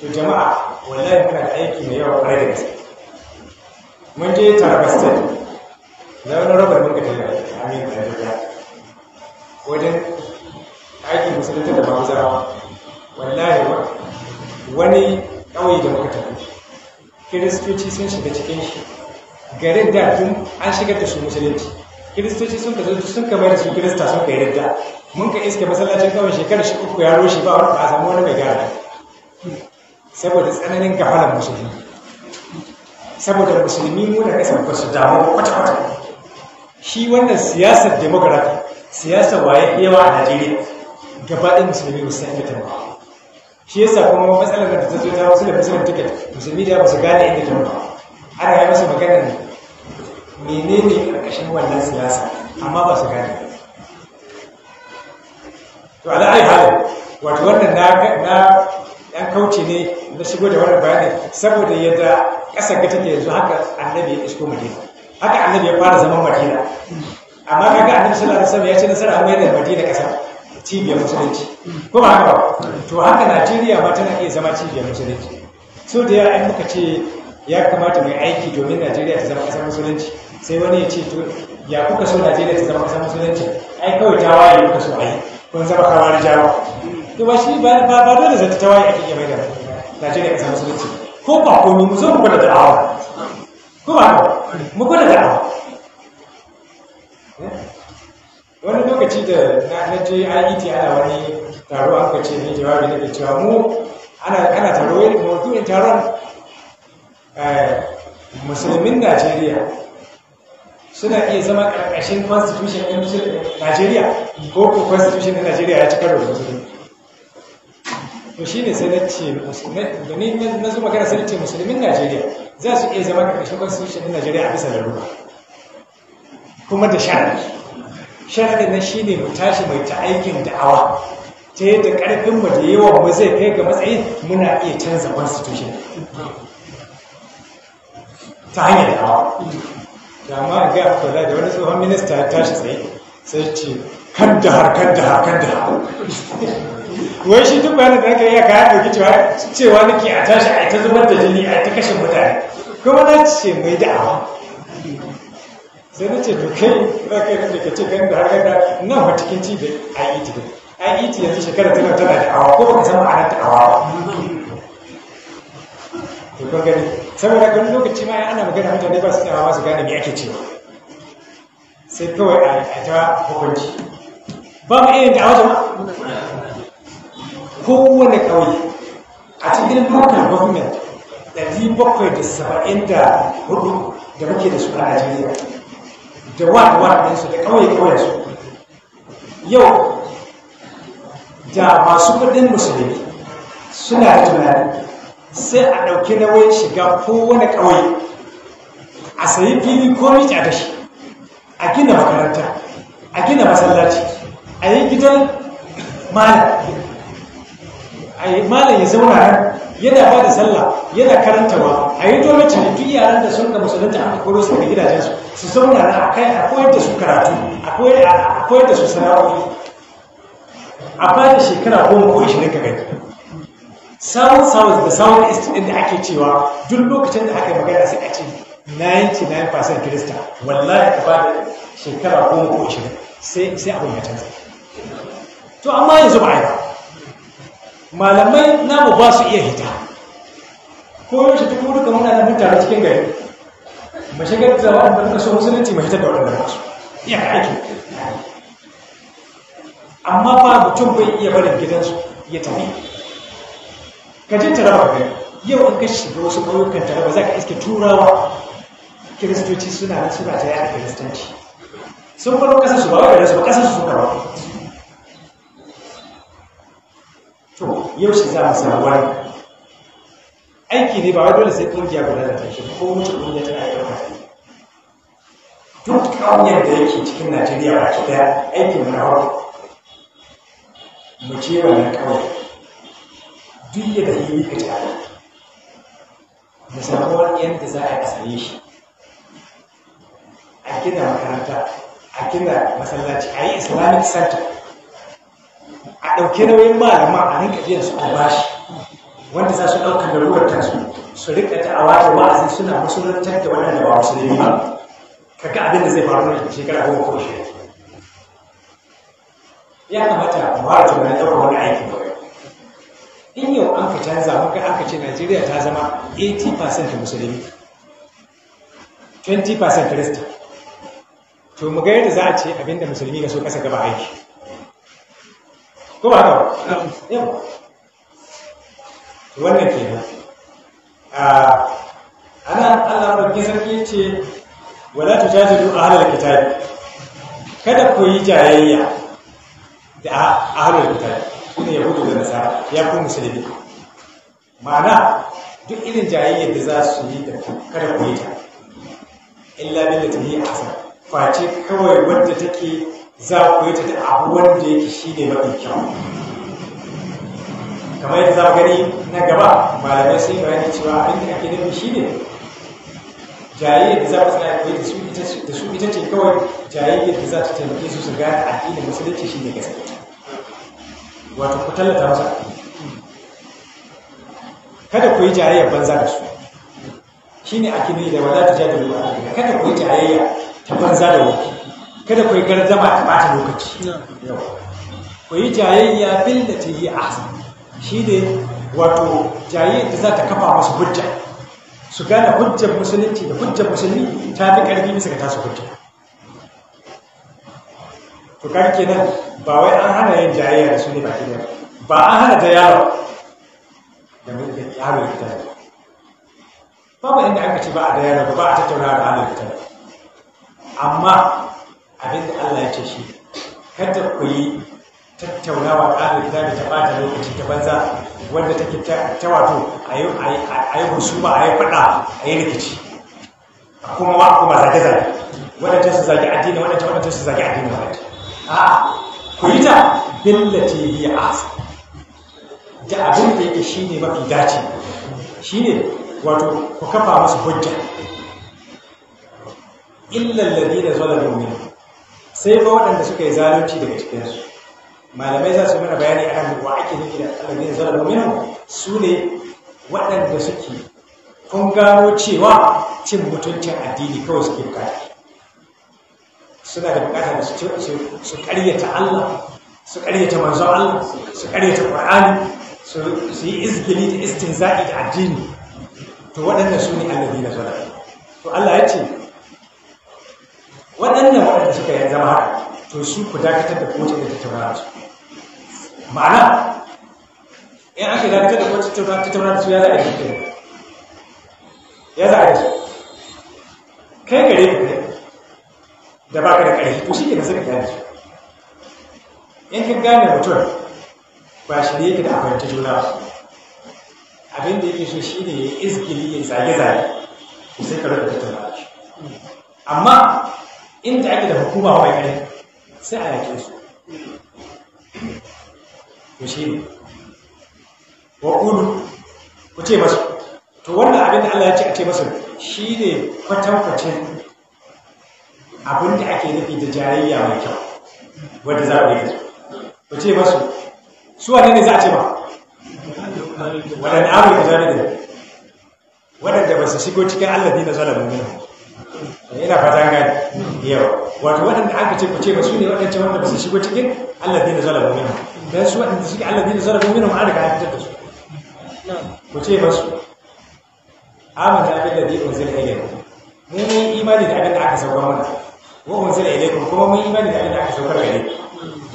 to jama'a wallahi muna da aiki mai yawa kwarai da gaske mun je tarabastan na wani rabar mun gaji da amin da ya wajen aikin musulunta da mawuzarawa wallahi ba wani ƙauye da muka tafi kiristoci sun shiga cikin shi garin da tun an shigar da su musulunci kiristoci sun ka sun ka mai su kirista sun ka yarda mun ka iske masallacin kawai shekarar shi uku ya roshe ba wani a samu wani mai gyara saboda tsananin kafalar musulmi saboda musulmi mu da kasar ba su damu ba kwata kwata shi wannan siyasar demokrat siyasar waye yawa a najeriya gaba ɗin musulmi ba su san shi yasa kuma matsalar da ta zo ta wasu da musulmi ticket musulmi da ba su gane inda ta ba ana yi masa maganar menene ƙashin wannan siyasa amma ba su gane to ala'ai halin wato wannan na ɗan kauce ne na shigo da wannan bayanin saboda yadda ƙasar ga take yanzu haka annabi ya isko madina haka annabi ya fara zaman madina amma kaga annabi sallallahu alaihi wasallam ya ce nasara amma yana madina ƙasa cibiyar musulunci ko ba haka ba to haka najeriya ma tana iya zama cibiyar musulunci so da yawa in muka ce ya kamata mai aiki domin najeriya ta zama ƙasar musulunci sai wani ya ce to ya kuka so najeriya ta zama kasar musulunci ai kawai tawaye kuka so yi kun zama kamar jawa to ba shi ba dole zata tawaye ake iya maida najeriya zama musulunci ko ba ko mu zo mu gwada da'awa ko ba mu gwada da'awa eh? wani lokaci da na je IET ana wani taro aka ce ne jawabi da ke cewa mu ana ana taro yin mutumin taron eh, musulmin Najeriya suna iya zama ƙarƙashin constitution ɗin Najeriya ko ko constitution ɗin Najeriya ya ci karo da musulmi to shi ne sai na ce musulmi na zo magana sai na ce musulmin Najeriya za su iya zama ƙarƙashin constitution ɗin Najeriya a bisa laruwa. kuma da sharaɗi sharaɗi na shi ne mu tashi mai ta aikin da'awa ta yadda ƙarfinmu da yawan mu zai kai ga matsayi muna iya canza constitution ta hanyar da'awa da amma a gaya kula da wani tsohon minista ya tashi tsaye sai ce kadda har kadda har kadda har wai shi duk bayanin da aka yi aka ya ɗauki cewa cewa nake a tashi a ta zubar da jini a ta kashe mutane kuma na ce mai da'awa sai na ce to kai za ka yi ka ce kan da har kadda nan ba cikin ci bai a yi tikin a yi ti yanzu shekara tana tana da'awa ko ba ka san ma'anar da'awa ba to kun gani saboda wani lokaci ma ana magana mutane ba su tsawa ba su gane me ake cewa sai kawai a ta hukunci ba mu irin da wajen kowane kawai a cikin local government ɗari bakwai da saba'in da hudu da muke da su a najeriya da wa'ad-wa'ad ɗinsu da kawai-kawai su yau da masu kudin musulmi suna da tunani sai a ɗauki nauyin shiga kowane ƙauye a sayi fili ko mici a dashi a gina makaranta a gina masallaci a yi gidan malam ya zauna ran yana ba da sallah yana karantawa a yi domin duk yaran da sun da musulunta aka koro su daga gidajensu su zauna ran a kai a koyar da su karatu a koyar da su sana'o'i a ba da shekara goma ko ishirin ka gani south south da south east din da ake cewa duk lokacin da aka magana sai a ce 99% kirista wallahi ba da shekara ko ko shida sai sai abin ya canza to amma yanzu ba ai malamai mu ba su iya hita ko yaushe duk wani kamar na mun tare cikin gari mu shigar da wa'an da suka so musulunci mu hita da waɗanda ba su iya aiki amma ba mutum bai iya barin gidansu ya tafi ka je taraba yau an kashi shiga wasu ɓarukan taraba za ka iske turawa kiristoci suna nan suna ta yada kiristanci sun kwallo ƙasar su ba wa su ba ƙasar su suna ba to yau shi za mu samu wani aiki ne ba wai dole sai ƙungiya guda da tashi ko wuce ƙungiya tana yi wata ne duk kawunyar da yake cikin najeriya ba ki daya aikin rawar na hau mu ce wannan ƙauyen duk yadda ta yi fita da samuwar yadda za a same shi a gina makaranta a gina masallaci a yi islamic center a ɗauke nauyin malama a rinka jiya su bashi. wanda za su ɗauka da ruwan tasu su rika a wata wa'azi suna masulantar da waɗanda ba ne ba kaga abin da zai faru ne shekara goma ko shekara ya kamata mu har tunanin ɗaukar wani aiki ba in yau an ka canza an ka ce Najeriya ta zama 80% musulmi 20% kirista to mu ga yadda za a ce abinda musulmi ga so kasa gaba aiki ko ba haka yau wannan kenan ana Allah rabbi sarki ce wala a halar kitab kada ku yi jayayya da halar kitab shine ya hudu da nasara ya ku musulmi ma'ana duk irin jayayyar da za su yi da kada ku yi ta illa yi a ahsan face kawai wadda take za ku yi ta da abu wanda yake ne mafi kyau kamar yadda za ku gani na gaba malamai sun bayani cewa abin da ake nufi ne? jayayyar da za ku tsaya koyi da su ita ce kawai jayayyar da za ta taimake su su gane da musulunci shi ne gaskiya wato ku tallata masa kada ku yi jayayyar banza da su shi ne ake nuni da wadata jami'in ba kada ku yi jayayya ta banza da wuki kada ku yi gardama ta bata lokaci ku yi jayayya bil da ta yi a shi ne wato jayayya da za ta kafa masu hujja su gane hujjar musulunci da hujjar musulmi ta fi ƙarfi bisa ga tasu hujja to kaga kenan ba wai an hana yin jayayya da su ne ba ɗaya ba an hana ta yaro da mun da yaro da ba babu inda aka ce ba a da yaro ba a tattauna da hana kitabi amma abin da Allah ya ce shi kada ku yi tattaunawa ƙarin da ta bata lokaci ta banza wanda take ta wato a yi husuma a yi faɗa a yi rikici a kuma wa kuma zage-zage wadanda su zage addini wadanda wadanda su zage addini ta. A'a, ku yi ta billati a asa da abin da yake ne mafi dace ne wato ku kafa musu hujja illallabi da zolabin minhum sai ba waɗanda suka yi zalunci daga cikinsu malamai za su mana bayani a kan wa ake nufi da alladhina zalamu minhum su ne waɗanda suke kun gano cewa cin mutuncin addini kawai suke bukata suna da bukata da su karyata Allah su karyata manzo Allah su karyata Qur'ani su yi izgili da istinza'i da addini to waɗannan su ne annabi na zala to Allah ya ce waɗannan waɗanda suka yi zama haka to su ku dakatar da kowace da tattauna su ma'ana in aka dakatar da kowace da da su ya za a yi ya za a yi kai gare ka da baka da ƙarfi to shi ne sai ka gane su in ka gane mutum ba shi ne yake da akwai ta juna abin da yake so shi ne ya izgili ya zage-zage ko sai ka rubuta tattauna shi amma inda ake da hukuma mai ƙarfi sai a yake su ko shi ne wa ƙudu ku ce masu to wannan abin da Allah ya ce a ce masu shi ne kwatankwacin abin da ake nufi da jayayya mai kyau wadda za a yi ku ce masu su wane ne za a ce ba wadanda abu da zane da waɗanda ba su shigo cikin allabi na zalabu ne yana fata gani yawa wato waɗanda aka ce ku ce ba su ne waɗancan wanda ba su shigo cikin allabi na zalabu ne don su waɗanda suke allabi na zalabu ne ma'ar da haifitar da su ku ce masu amina abin da zai ƙunzir ɗaya mun yi imani da abin da aka sauwa mana wa wanzila ilaikum kuma mun imani da abinda aka saukar gare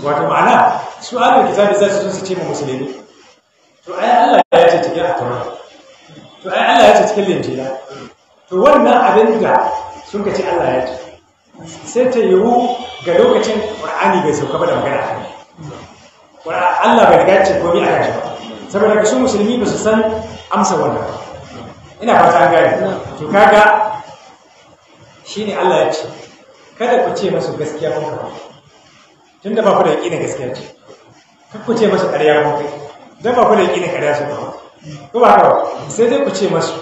wato ma'ana su ahlul kitabi za su su ce mu musulmi to ai Allah ya ce cikin atawar to ai Allah ya ce cikin linjila to wannan abin da sun ka ce Allah ya ce sai ta yiwu ga lokacin qur'ani bai sauka ba da magana Allah bai riga ce komai aka ji saboda ga su musulmi ba su san amsa wannan ina fata an gane to kaga shine Allah ya ce kada ku ce masu gaskiya kun kawo tun da ba ku da yaƙi na gaskiya ce ku ce masu ƙarya kun kai don ba ku da yaƙi na ƙarya su kawo ko ba kawo sai dai ku ce masu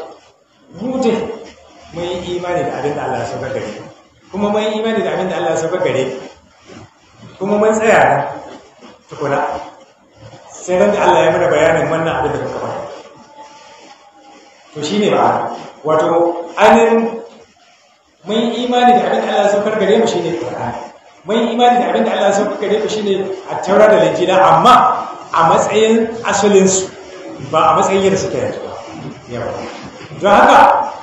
mutum mun yi imani da abin da Allah ya sauka gare kuma mun yi imani da abin da Allah ya sauka gare kuma mun tsaya tukuna sai nan da Allah ya mana bayanin wannan abin da kuka faɗa to shine ba wato anin mun imani da abin da Allah ya saukar gare mu shine Qur'ani mun imani da abin da Allah ya saukar gare mu shine at-Taurat da Injila amma a matsayin asalin su ba a matsayin yadda suke yanzu yawa don haka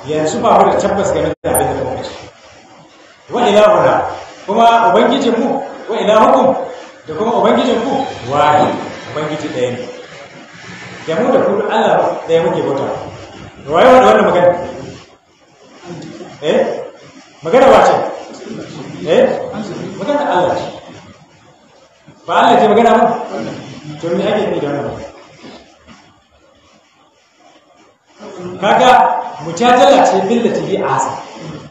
yanzu ba mu da tabbas game da abin da muka ci wa ilahuna kuma ubangijin mu wa ilahukum da kuma ubangijin ku wahid ubangiji ɗaya ne da mu da kudu Allah ɗaya muke bauta waye da wannan magana eh magana wace eh magana Allah ba Allah ce magana ba to ni ake ni da wannan kaga mujadala ce billati bi asa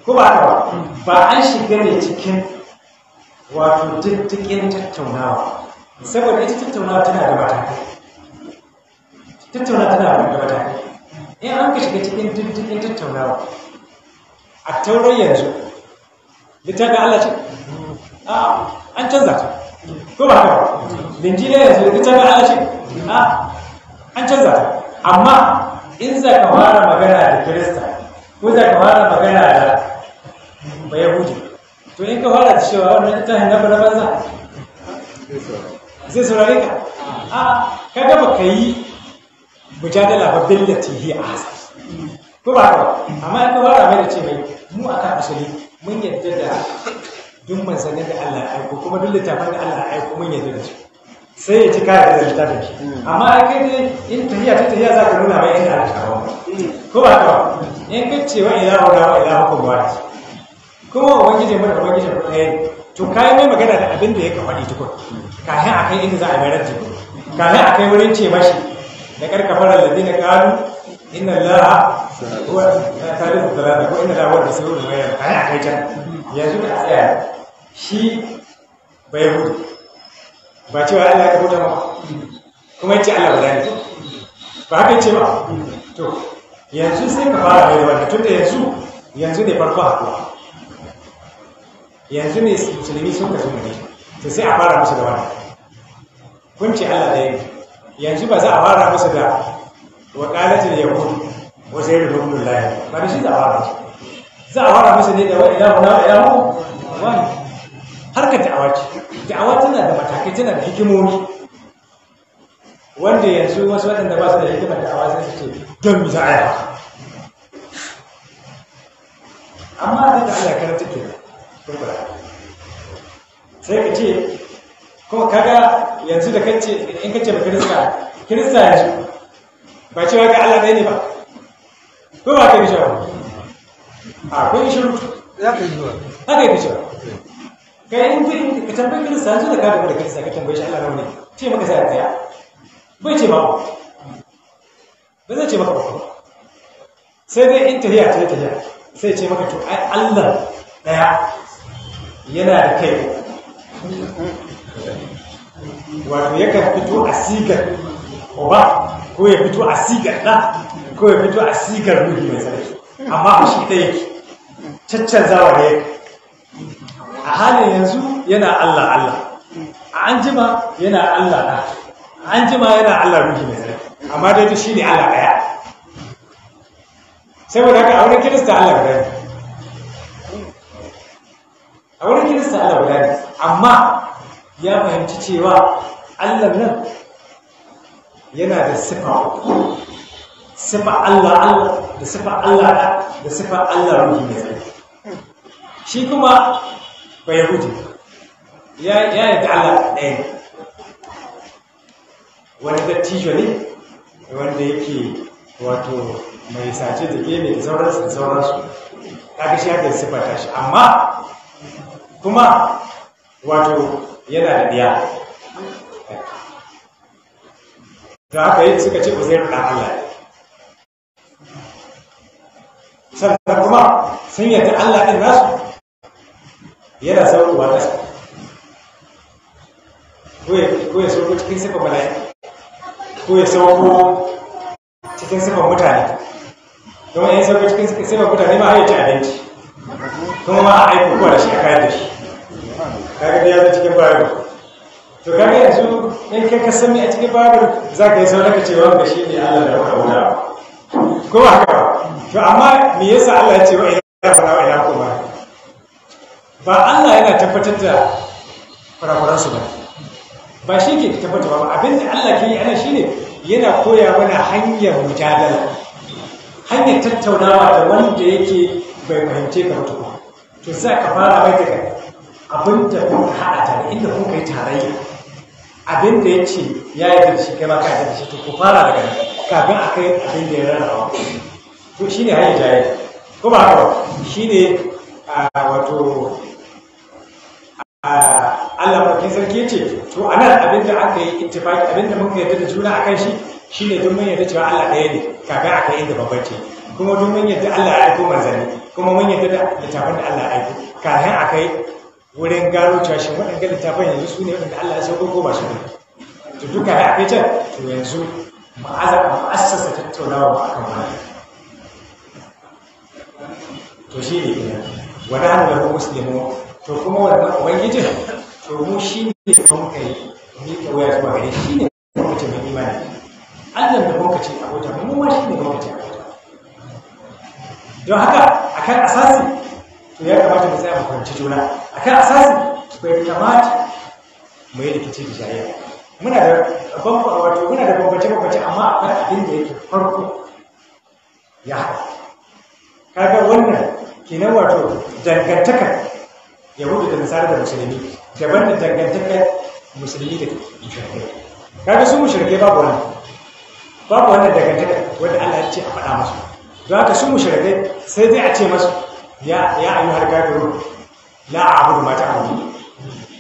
ko ba ta ba an shiga ne cikin wato diddigin tattaunawa saboda ita tattaunawa tana da matakai tattaunawa tana da matakai in an ka shiga cikin diddigin tattaunawa a taurar yanzu ga Allah ce an canza ta ko ba haka linjila yanzu ga Allah ce an canza ta amma in za ka fara magana da kirista ko za ka fara magana da bayahudi to in ka fara cewa wannan littafin na bana banza zai saurari ka a kaga ba ka yi mujadala ba billa hi a hasa ko ba ba, amma ya ka fara mai da ce mai mu aka asali mun yadda da duk manzannin da Allah ya aiko kuma duk littafin da Allah ya aiko mun yadda da su sai ya ci kaya da littafin shi amma a kai ne in tafiya ta tafiya za ka nuna mai inda aka kawo ko ba haka in ka ce wa ila wa ila hukum wa kuma ubangiji mun da ubangiji mun ɗaya to kayan mai magana da abin da ya ka faɗi tukur kafin a kai inda za a mayar tukun kafin a kai wurin ce mashi da karkafarar na ƙaru inna laha. ruwa ta da mutara da ko ina da wanda sai wani wayar kai can yanzu da tsaya shi bai hudu ba cewa Allah ya hudu ba kuma yace Allah ba dani ba haka yace ba to yanzu sai ka fara mai wanda tunda yanzu yanzu ne farko haɗuwa yanzu ne musulmi sun kasu ne to sai a fara musu da wani kun Allah da yanzu ba za a fara musu da wakalatin yahudu wasu yadda domin laye ba da shi da awara za a fara masa ne da wani ilahu na ilahu wani harkar da'awa ce da'awa tana da matakai tana da hikimomi wanda yanzu wasu waɗanda ba su da hikimar da'awa sai su ce don mi za a yi amma da da Allah karanta ke kurbura sai ka ce ko kaga yanzu da kace in ce ba kirista kirista yanzu ba ce cewa ga Allah ɗaya ne ba ko ba ka yi cewa a kun yi za ka yi zuwa za ka yi cewa ka yi in ka tambayi kirista yanzu da ka gaba da kirista ka tambayi shi Allah rauni ce maka sai tsaya bai ce ba ba zai ce maka ba sai dai in tafiya ce tafiya sai ce maka to ai Allah daya yana da kai wato yakan fito a sigar ko ba ko ya fito a sigar na kawai fito a sigar ruhi mai tsari amma shi ta yake caccanzawa ne yake a halin yanzu yana Allah Allah a an jima yana Allah na a an jima yana Allah ruhi mai tsari amma dai shi ne Allah ɗaya saboda haka a wurin kirista Allah guda ne a wurin kirista Allah guda ne amma ya fahimci cewa Allah nan yana da sifa sifa Allah Allah da sifa Allah da sifa Allah ruhi ne shi kuma ba yahudi ya ya ya Allah ɗaya wani dattijo ne wanda yake wato mai sace da gene da sauransu da sauransu kaga shi haka sifa ta shi amma kuma wato yana da ɗiya da haka yi suka ce zai da Allah sannan kuma sun yadda Allah ɗin nasu yana saukowa ƙasa ko ya sauko cikin sifa mala'i ko ya sauko cikin sifa mutane kuma ya sauko cikin sifa mutane ma ya ci abinci kuma ma a aiki kuwa da shi a kayan da shi kaga da ya zo cikin bayan to kaga yanzu in kai ka sami a cikin bayan za ka yi sauraka cewa ga shi ne Allah da wata wuta kuma haka to amma me yasa Allah ya ce wa ila fara wa ila kuma ba Allah yana tabbatar da farafaran ba ba shi ke tabbatar ba abin da Allah ke yi ana shine yana koya mana hanyar mujadala hanyar tattaunawa da wanda yake bai fahimce ka mutu ba to sai ka fara mai daga abin da kuka haɗa tare inda kuka yi tarayya abin da ya ce ya yi da shi kai ba ka da shi to ku fara daga kafin a kai abinda da ya rarrawa to shi ne jahil ko ba haka a wato Allah mafi sarki ce to a nan abinda aka yi ittifaki abinda muka yadda da juna kan shi ne don mun yarda cewa Allah ɗaya ne kafin aka yi da ce kuma don mun yarda Allah ya aiko manzanni kuma mun yarda da littafin da Allah ya aiko kafin aka yi wurin gano cewa shi waɗanda littafin yanzu su ne waɗanda Allah ya sauko ko ba su ne to duka da aka can to yanzu ma'azar ma'assasa tattaunawa ba akan wannan to shi ne kenan wa nahnu lahu muslimun to kuma wannan ubangijin to mu shi ne mun kai ni ta waya zuwa gare shi ne mutum mai imani Allah da kuma ce abota mu ma shi ne muka ce abota don haka akan asasi to ya kamata mu tsaya mu kwanci juna akan asasi bai kamata mu yi rikici da jayayya muna da bambam wato muna da bambance bambance amma akwai abin da yake farko ya kaga wannan kenan wato dangantaka yahudu da nasara da musulmi daban da dangantaka musulmi da mushrikai kada su mushrikai babu wani babu wani dangantaka wanda Allah ya ce a faɗa musu don haka su mushrikai sai dai a ce masu ya ya ayyuhal kafirun la a'budu ma ta'budun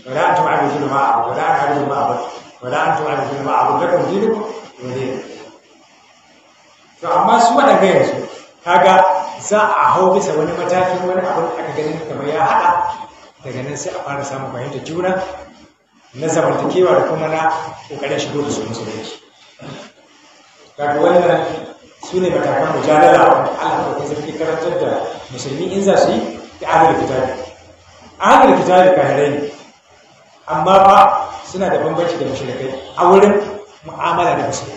wala antum a'budun ma a'budu wala ana a'budu ma a'budu wala antum a'budun ma a'budu lakum dinukum wa dinakum to amma su waɗanda yanzu kaga za a hau bisa wani matakin wani abin da aka ganin kama ya haɗa daga nan sai a fara samun fahimtar juna na zamantakewa da kuma na ƙoƙarin shigo da su musulunci daga wannan su ne matakan mujadala wanda Allah ko zafi karantar da musulmi in za su yi da ahlul kitabi ahlul kitabi kahirai ne amma ba suna da bambanci da mushrikai a wurin mu'amala da musulmi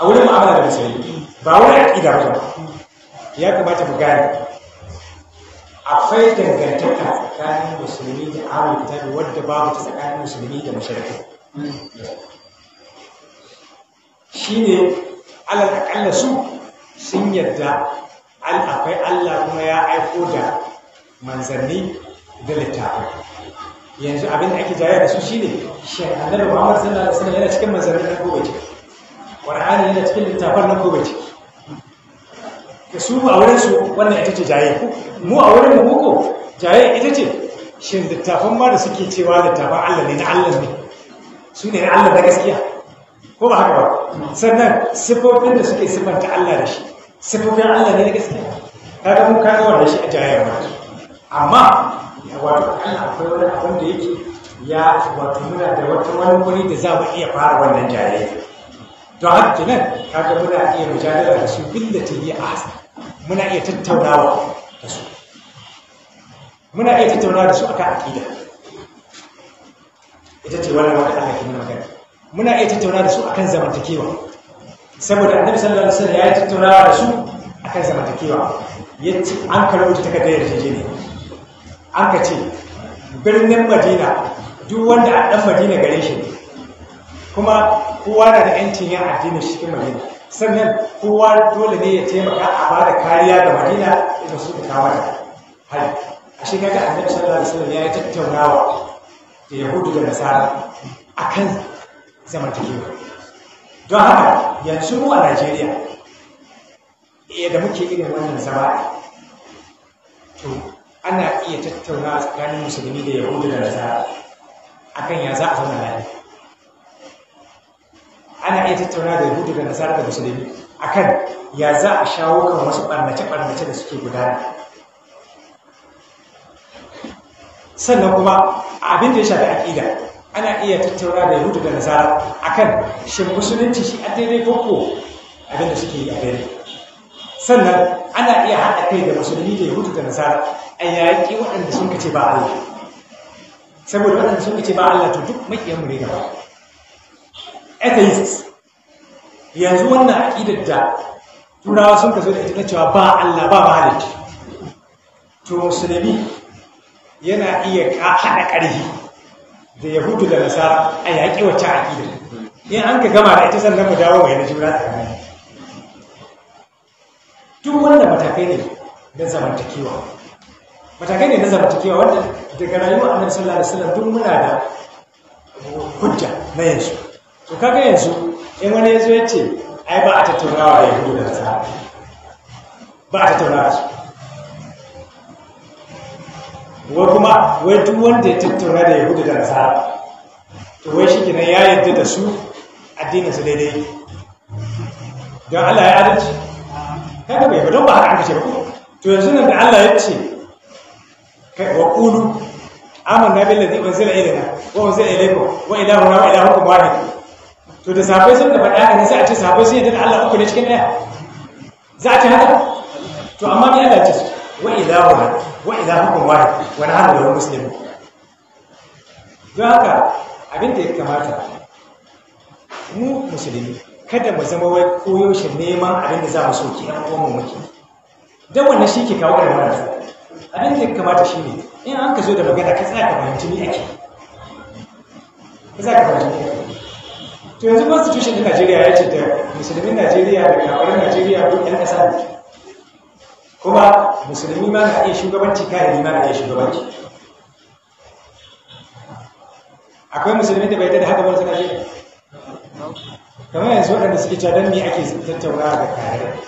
a wurin mu'amala da musulmi ba wurin aƙida ba ya kamata mu gane akwai dangantaka tsakanin musulmi da ahlul kitab wadda babu ta tsakanin musulmi da mushriki shine alal aqalla su sun yadda al akwai Allah kuma ya aiko da manzanni da littafi. yanzu abin da ake jaya da su shine shi annabi Muhammad sallallahu alaihi wasallam yana cikin manzanni na gobe Qur'ani yana cikin littafar na gobe da su a wurin su wannan ita ce jaye mu a wurin mu ko jaye ita ce shin littafan ma da suke cewa littafan Allah ne na Allah ne su ne na Allah na gaskiya ko ba haka ba sannan sifofin da suke sifanta Allah da shi sifofin Allah ne na gaskiya kaga mun kai wa shi a jaye ba amma wato Allah akwai wani abin da yake ya wato muna da wata wani wuri da za mu iya fara wannan jaye don nan, kenan kaga muna iya mujadala da su billati a hasa, muna iya tattaunawa da su muna iya tattaunawa da su akan aqida ita ce wani wanda Allah ke magana muna iya tattaunawa da su akan zamantakewa saboda annabi sallallahu alaihi wasallam ya tattaunawa da su akan zamantakewa yace an karɓi takardar yarjejeniya aka ce birnin Madina duk wanda a dan Madina gare shi kuma kowa na da yancin yin addinin shi cikin madina sannan kowa dole ne ya taimaka a ba da kariya ga madina da su ta kawo da hali a shekara kaga annabi sallallahu alaihi wasallam ya yi tattaunawa da yahudu da nasara akan zamantakewa don haka yanzu mu a najeriya da muke irin wannan zama to ana iya tattaunawa tsakanin musulmi da yahudu da nasara akan ya za a zama lafiya ana iya tattauna da yahudu da nasara da musulmi akan ya za a shawo kan wasu ɓarnace-ɓarnace da suke gudana sannan kuma abin da ya shafi aƙida ana iya tattauna da yahudu da nasara akan shi musulunci shi a daidai koko abin da suke yi a daidai sannan ana iya haɗa kai da musulmi da yahudu da nasara a yaƙi waɗanda sun kace ba Allah saboda waɗanda sun kace ba Allah to duk maƙiyanmu ne gaba atheists yanzu wannan aqidar da turawa sun kaso da ita cewa ba Allah ba malik to musulmi yana iya haɗa karfi da yahudu da nasara a yaƙi wacce aqida in an ka gama da ita sannan ka dawo mai na juna tsakanin duk wanda matakai ne na zamantakewa matakai ne na zamantakewa wanda daga rayuwa annabi sallallahu alaihi wasallam duk muna da hujja na yanzu to kaga yanzu in wani yanzu ya ce ai ba a tattaunawa ya hudu da nasara ba a tattaunawa su wai kuma wai duk wanda ya tattauna da ya hudu da nasara to wai shi kenan ya yadda da su addinin su daidai don Allah ya adalci kaga bai ba don ba haka an kace ba to yanzu nan da Allah ya ce kai wa qulu amanna billazi unzila ilayna wa unzila ilaykum wa ilahuna wa ilahukum wahid to da sahabbai sun da faɗa ne sai a ce sahabbai sun yadda da Allah uku ne cikin ɗaya za a ce haka to amma ni Allah ce wa idza wa wa idza hukum wa wa nahnu da muslimun don haka abin da ya kamata mu musulmi kada mu zama wai koyaushe neman abin da za mu soke ɗan uwan mu muke Dan wannan shi ke kawo da wannan abin da ya kamata shi ne in an ka zo da magana ka tsaya ka fahimci ni ake ka tsaya ka fahimci ni to yanzu constitution din Najeriya ya ce da musulmin Najeriya da kafirin Najeriya duk ɗan ƙasa ne kuma musulmi ma na iya shugabanci kafiri ma na iya shugabanci akwai musulmi da bai da haka ba su Najeriya kamar yanzu waɗanda suke cadon don ake tattaunawa da kare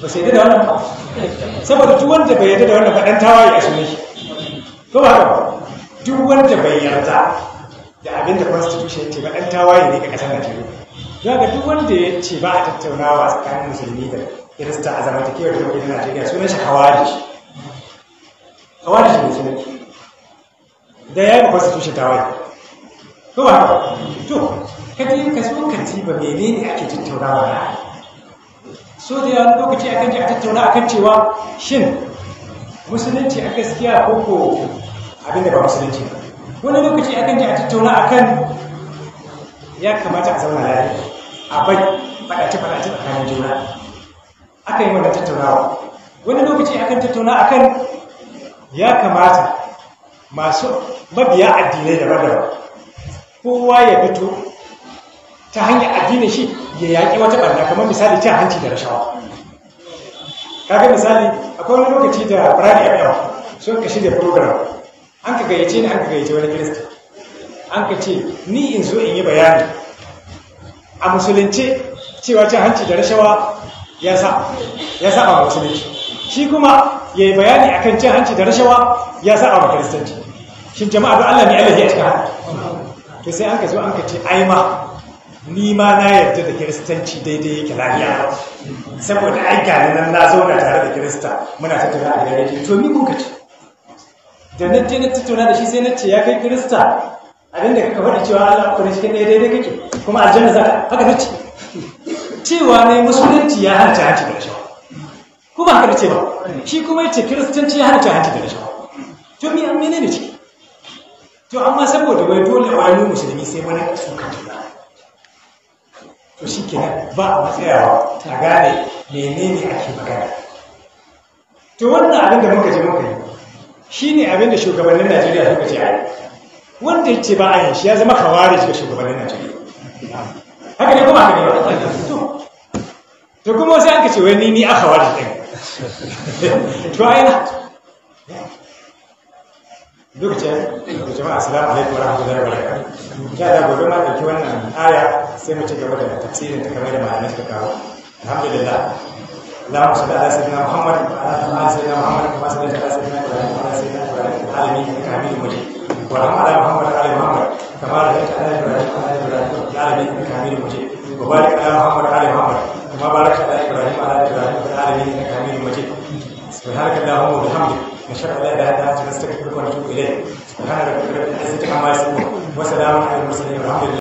ba sai da wannan ba saboda duk wanda bai yarda da wannan faɗan tawaye a shi ne ko ba duk wanda bai yarda da abin da constitution ce ba ɗan tawaye ne ga ƙasar Najeriya. Za ga duk wanda ya ce ba a tattaunawa tsakanin musulmi da Kirista a zamantakewar da Najeriya sunan shi Hawari. Hawari shi ne sunan. Da ya yi ba constitution tawaye. Ko ba To, ka ka so ka ji ba ne ake tattaunawa ba. So da yawan lokaci akan ji a tattauna akan cewa shin musulunci a gaskiya ko ko abin da ba musulunci ba. wani lokaci kan ji a tattauna kan ya kamata a zama lafiya a bai faɗace faɗace tsakanin juna aka yi mana tattaunawa wani lokaci kan tattauna a kan ya kamata masu mabiya addinai da daban kowa ya fito ta hanyar addinai shi ya yaƙi wata ɓarna kamar misali cin hanci da rashawa Kafin misali akwai wani lokaci da birane a yawa sun kashi da program an ka gayyace ni an ka gayyace wani kirista an ka ce ni in zo in yi bayani a musulunce cewa cin hanci da rashawa ya sa a musulunci shi kuma ya yi bayani a kan cin hanci da rashawa ya sa a kiristanci shi jama'a don allah ne allah ya cika to sai an ka zo an ka ce ai ma ni ma na yarda da kiristanci daidai yake lafiya saboda ai gani nan na zauna tare da kirista muna tattara a gare to ni kuka ce da na je na tattauna da shi sai na ce ya kai kirista abinda ka faɗi cewa Allah ku shi kai daidai kake kuma aljanna ka haka nace cewa ne musulunci ya harta haji da rashawa ko ba haka nace ba shi kuma yace kiristanci ya harta haji da rashawa to me an menene ciki to amma saboda wai dole wani musulmi sai wani su ka to shi kenan ba a matsayawa ta gane menene ake magana to wannan abin da muka je muka yi shi ne abin da shugabannin najeriya suka ce a wanda ya ce ba a yanshi shi ya zama kawari ga shugabannin najeriya haka ne kuma haka ne ba to kuma sai aka ce wani ni a wari ɗin to a yana lokacin jama'a assalamu alaikum warahmatullahi wabarakatuh ya da gobe ma ɗauki wannan aya sai mu ci gaba da tafsirin ta kamar da ma'anar ta kawo alhamdulillah اللهم صل على سيدنا محمد وعلى سيدنا محمد كما صليت على سيدنا ابراهيم وعلى سيدنا ابراهيم في العالمين انك حميد مجيد وارحم على محمد وعلى محمد كما باركت على ابراهيم وعلى ابراهيم في العالمين انك حميد مجيد وبارك على محمد وعلى محمد كما باركت على ابراهيم وعلى ابراهيم في العالمين انك حميد مجيد سبحانك اللهم وبحمدك نشهد ان لا اله الا انت نستغفرك ونتوب اليك سبحان ربك رب العزه عما يصفون وسلام على المرسلين والحمد لله